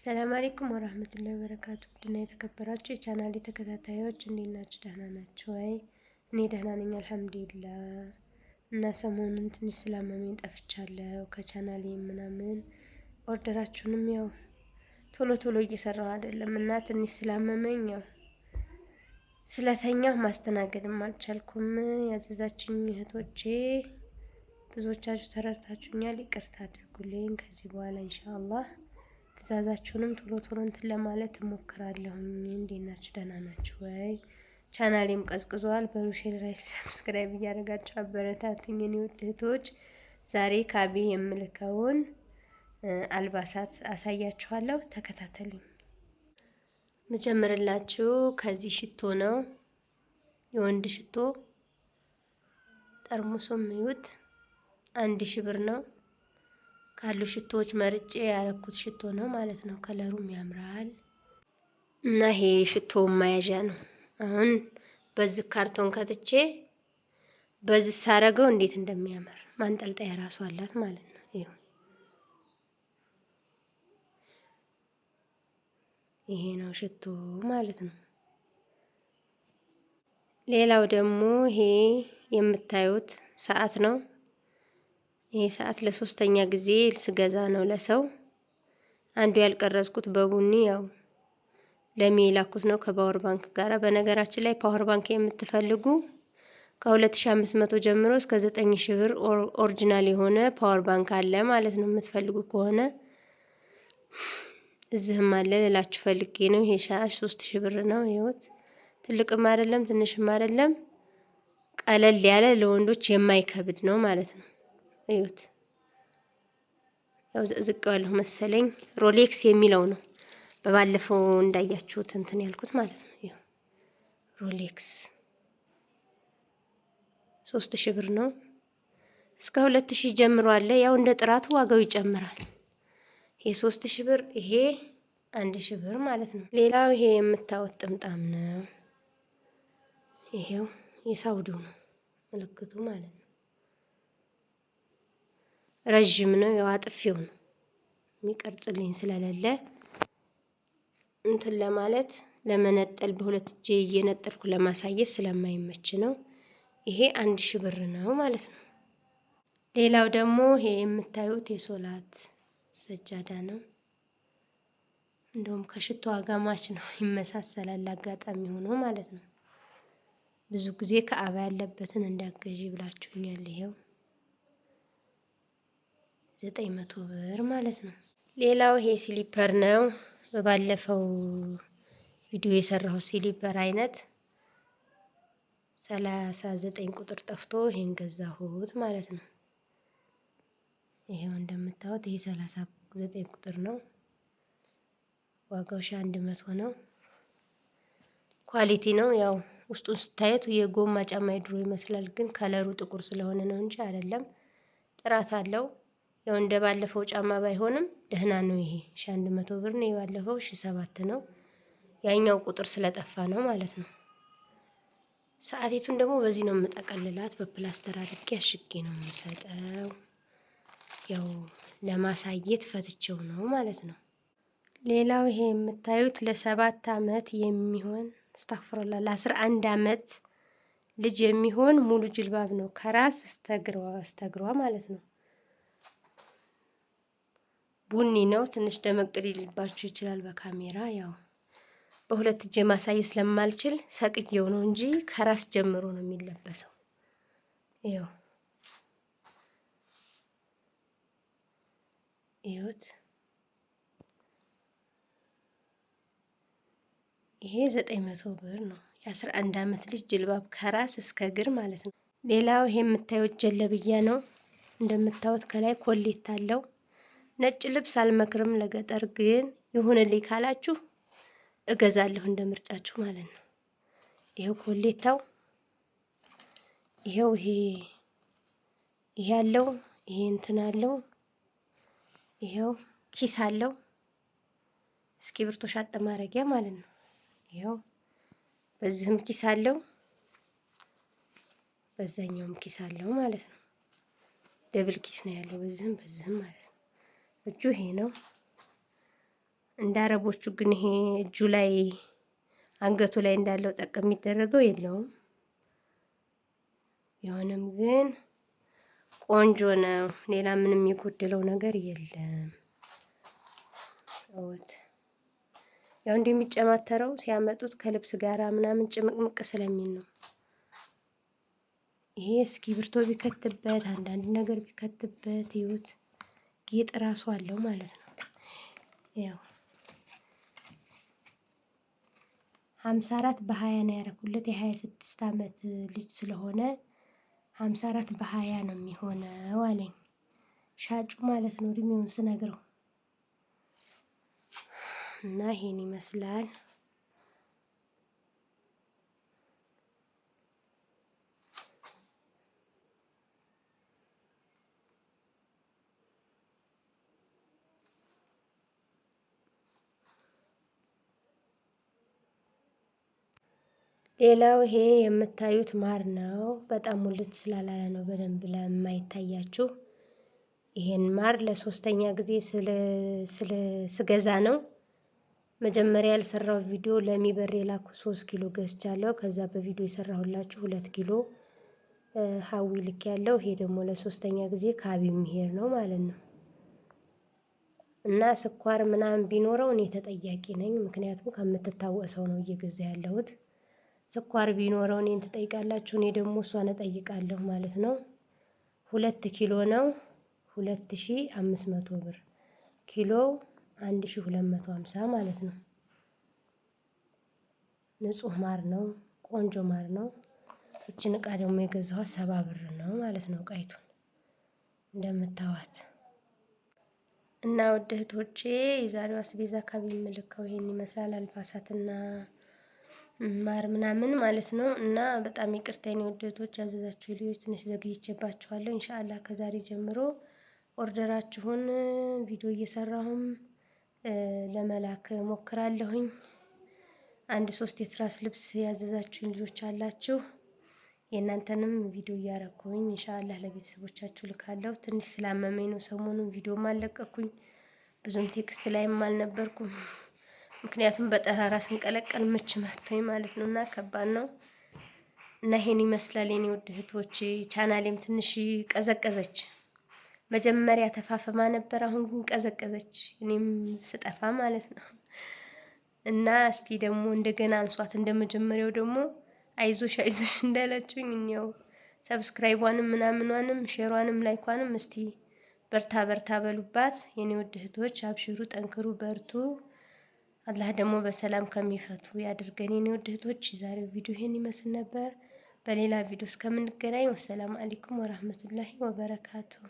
ሰላም አለይኩም ወራህመቱላሂ ወበረካቱ። ድና የተከበራችሁ የቻናል ተከታታዮች እንዴት ናችሁ? ደህና ናችሁ ወይ? እኔ ደህና ነኝ አልሐምዱሊላህ። እና ሰሞኑን ትንሽ ስላመመኝ ጠፍቻለሁ ከቻናሌ ምናምን። ኦርደራችሁንም ያው ቶሎ ቶሎ እየሰራው አይደለም እና ትንሽ ስላመመኝ ያው ስለተኛሁ ማስተናገድም አልቻልኩም። ያዘዛችኝ እህቶቼ ብዙዎቻችሁ ተረድታችሁኛል፣ ይቅርታ አድርጉልኝ። ከዚህ በኋላ ኢንሻአላህ ትእዛዛችሁንም ቶሎ ቶሎ እንትን ለማለት እሞክራለሁኝ። እንዴት ናችሁ? ደህና ናችሁ ወይ? ቻናሌም ቀዝቅዟል። በሩሼል ላይ ሰብስክራይብ እያደረጋችሁ አበረታትኝ የኔ ውድ እህቶች። ዛሬ ካቤ የምልከውን አልባሳት አሳያችኋለሁ። ተከታተሉኝ። መጀመርላችሁ ከዚህ ሽቶ ነው የወንድ ሽቶ ጠርሙሱም ይዩት። አንድ ሺህ ብር ነው። ካሉ ሽቶዎች መርጬ ያረኩት ሽቶ ነው ማለት ነው። ከለሩም ያምራል እና ይሄ ሽቶ መያዣ ነው። አሁን በዚህ ካርቶን ከትቼ በዚህ ሳረገው እንዴት እንደሚያምር ማንጠልጠያ ራሱ አላት ማለት ነው። ይሄ ይሄ ነው ሽቶ ማለት ነው። ሌላው ደግሞ ይሄ የምታዩት ሰዓት ነው። ይሄ ሰዓት ለሶስተኛ ጊዜ ስገዛ ነው ለሰው። አንዱ ያልቀረጽኩት በቡኒ ያው ለሚ የላኩት ነው ከፓወር ባንክ ጋር በነገራችን ላይ ፓወር ባንክ የምትፈልጉ ከ2500 ጀምሮ እስከ 9000 ብር ኦሪጂናል የሆነ ፓወር ባንክ አለ ማለት ነው። የምትፈልጉ ከሆነ እዚህም አለ ልላችሁ ፈልጌ ነው። ይሄ ሻሽ 3000 ብር ነው። ይሁት ትልቅም አይደለም ትንሽም አይደለም፣ ቀለል ያለ ለወንዶች የማይከብድ ነው ማለት ነው። እዩት። ያው ዘቅዘቀዋለሁ መሰለኝ ሮሌክስ የሚለው ነው። በባለፈው እንዳያችሁት እንትን ያልኩት ማለት ነው። ይኸው ሮሌክስ ሶስት ሺህ ብር ነው። እስከ ሁለት ሺህ ጀምሮ አለ። ያው እንደ ጥራቱ ዋጋው ይጨምራል። ይሄ ሶስት ሺህ ብር፣ ይሄ አንድ ሺህ ብር ማለት ነው። ሌላው ይሄ የምታወጥ ጥምጣም ነው። ይሄው የሳውዲው ነው ምልክቱ ማለት ነው። ረዥም ነው። ያው አጥፌው ነው የሚቀርጽልኝ ስለሌለ እንትን ለማለት ለመነጠል በሁለት እጄ እየነጠልኩ ለማሳየት ስለማይመች ነው። ይሄ አንድ ሺህ ብር ነው ማለት ነው። ሌላው ደግሞ ይሄ የምታዩት የሶላት ሰጃዳ ነው። እንደውም ከሽቶ አጋማች ነው ይመሳሰላል፣ አጋጣሚ ሆኖ ማለት ነው። ብዙ ጊዜ ከአባ ያለበትን እንዳገዢ ብላችሁኛል። ይሄው ዘጠኝ መቶ ብር ማለት ነው። ሌላው ይሄ ሲሊፐር ነው። በባለፈው ቪዲዮ የሰራሁት ሲሊፐር አይነት ሰላሳ ዘጠኝ ቁጥር ጠፍቶ ይሄን ገዛሁት ማለት ነው። ይሄው እንደምታዩት ይሄ ሰላሳ ዘጠኝ ቁጥር ነው። ዋጋው ሺህ አንድ መቶ ነው። ኳሊቲ ነው። ያው ውስጡን ስታየቱ የጎማ ጫማ የድሮ ይመስላል፣ ግን ከለሩ ጥቁር ስለሆነ ነው እንጂ አይደለም። ጥራት አለው። ያው እንደ ባለፈው ጫማ ባይሆንም ደህና ነው። ይሄ ሺ አንድ መቶ ብር ነው። የባለፈው ሺ ሰባት ነው። ያኛው ቁጥር ስለጠፋ ነው ማለት ነው። ሰዓቴቱን ደግሞ በዚህ ነው የምጠቀልላት። በፕላስተር አድርጌ አሽጌ ነው የምሰጠው። ያው ለማሳየት ፈትቸው ነው ማለት ነው። ሌላው ይሄ የምታዩት ለሰባት አመት የሚሆን አስተፍሮላ ለአስራ አንድ አመት ልጅ የሚሆን ሙሉ ጅልባብ ነው ከራስ እስተግሯ እስተግሯ ማለት ነው። ቡኒ ነው። ትንሽ ደመቅ ሊልባችሁ ይችላል በካሜራ ያው በሁለት እጄ ማሳየት ስለማልችል ሰቅየው ነው እንጂ ከራስ ጀምሮ ነው የሚለበሰው። ይኸው ይኸውት ይሄ ዘጠኝ መቶ ብር ነው። የአስራ አንድ አመት ልጅ ጅልባብ ከራስ እስከ እግር ማለት ነው። ሌላው ይሄ የምታዩት ጀለብያ ነው። እንደምታዩት ከላይ ኮሌት አለው። ነጭ ልብስ አልመክርም ለገጠር ግን ይሁንልኝ ካላችሁ እገዛለሁ እንደ ምርጫችሁ ማለት ነው። ይሄው ኮሌታው ይሄው ይሄ ይሄ አለው ይሄ እንትን አለው ይሄው ኪስ አለው እስኪ ብርቶ ሻጥ ማረጊያ ማለት ነው። ይሄው በዚህም ኪስ አለው በዛኛውም ኪስ አለው ማለት ነው። ደብል ኪስ ነው ያለው በዚህም በዚህም ማለት ነው። እጁ ይሄ ነው። እንደ አረቦቹ ግን ይሄ እጁ ላይ አንገቱ ላይ እንዳለው ጠቅ የሚደረገው የለውም። ቢሆንም ግን ቆንጆ ነው። ሌላ ምንም የጎደለው ነገር የለም። እውት ያው እንደሚጨማተረው ሲያመጡት ከልብስ ጋር ምናምን ጭምቅምቅ ስለሚል ነው። ይሄ እስኪ ብርቶ ቢከትበት አንዳንድ ነገር ቢከትበት ይዩት። ጌጥ ራሱ አለው ማለት ነው። ያው ሀምሳ አራት በሀያ ነው ያደረኩለት የሀያ ስድስት አመት ልጅ ስለሆነ ሀምሳ አራት በሀያ ነው የሚሆነው አለኝ ሻጩ ማለት ነው እድሜውን ስነግረው እና ይሄን ይመስላል። ሌላው ይሄ የምታዩት ማር ነው። በጣም ሙልት ስላላለ ነው በደንብ ለማይታያችሁ። ይሄን ማር ለሶስተኛ ጊዜ ስገዛ ነው። መጀመሪያ ያልሰራው ቪዲዮ ለሚበር የላኩ ሶስት ኪሎ ገዝቻለሁ። ከዛ በቪዲዮ የሰራሁላችሁ ሁለት ኪሎ ሀዊ ልክ ያለው ይሄ ደግሞ ለሶስተኛ ጊዜ ካቢ የሚሄድ ነው ማለት ነው። እና ስኳር ምናምን ቢኖረው እኔ ተጠያቂ ነኝ። ምክንያቱም ከምትታወሰው ነው እየገዛ ያለሁት። ስኳር ቢኖረው እኔን ትጠይቃላችሁ፣ እኔ ደግሞ እሷን እጠይቃለሁ ማለት ነው። ሁለት ኪሎ ነው ሁለት ሺ አምስት መቶ ብር ኪሎው አንድ ሺ ሁለት መቶ ሀምሳ ማለት ነው። ንጹህ ማር ነው፣ ቆንጆ ማር ነው። እችን እቃ ደግሞ የገዛኋት ሰባ ብር ነው ማለት ነው። ቃይቱን እንደምታዋት እና ወደ እህቶቼ የዛሬው አስቤዛ አካባቢ የምልከው ይሄን ይመስላል አልባሳትና ማር ምናምን ማለት ነው። እና በጣም ይቅርታ የኔ ውደቶች፣ ያዘዛችሁ ልጆች ትንሽ ዘግይቼባችኋለሁ። እንሻአላ ከዛሬ ጀምሮ ኦርደራችሁን ቪዲዮ እየሰራሁም ለመላክ ሞክራለሁኝ። አንድ ሶስት የትራስ ልብስ ያዘዛችሁኝ ልጆች አላችሁ። የእናንተንም ቪዲዮ እያረኩኝ እንሻአላ ለቤተሰቦቻችሁ ልካለሁ። ትንሽ ስላመመኝ ነው ሰሞኑን ቪዲዮም አልለቀኩኝ ብዙም ቴክስት ላይም አልነበርኩም። ምክንያቱም በጠራራ ስንቀለቀል ምች መቶኝ ማለት ነው እና ከባድ ነው እና ይሄን ይመስላል የኔ ውድ እህቶች። ቻናሌም ትንሽ ቀዘቀዘች። መጀመሪያ ተፋፍማ ነበር፣ አሁን ግን ቀዘቀዘች። እኔም ስጠፋ ማለት ነው እና እስቲ ደግሞ እንደገና አንሷት። እንደመጀመሪያው ደግሞ አይዞሽ አይዞሽ እንዳላችሁኝ እኛው ሰብስክራይቧንም ምናምኗንም ሼሯንም ላይኳንም እስቲ በርታ በርታ በሉባት የኔ ውድ እህቶች። አብሽሩ፣ ጠንክሩ፣ በርቱ። አላህ ደግሞ በሰላም ከሚፈቱ ያድርገን። የኔ ውድ እህቶች የዛሬው ቪዲዮ ይህን ይመስል ነበር። በሌላ ቪዲዮ እስከምንገናኝ ወሰላም አሌይኩም ወራህመቱላሂ ወበረካቱሁ።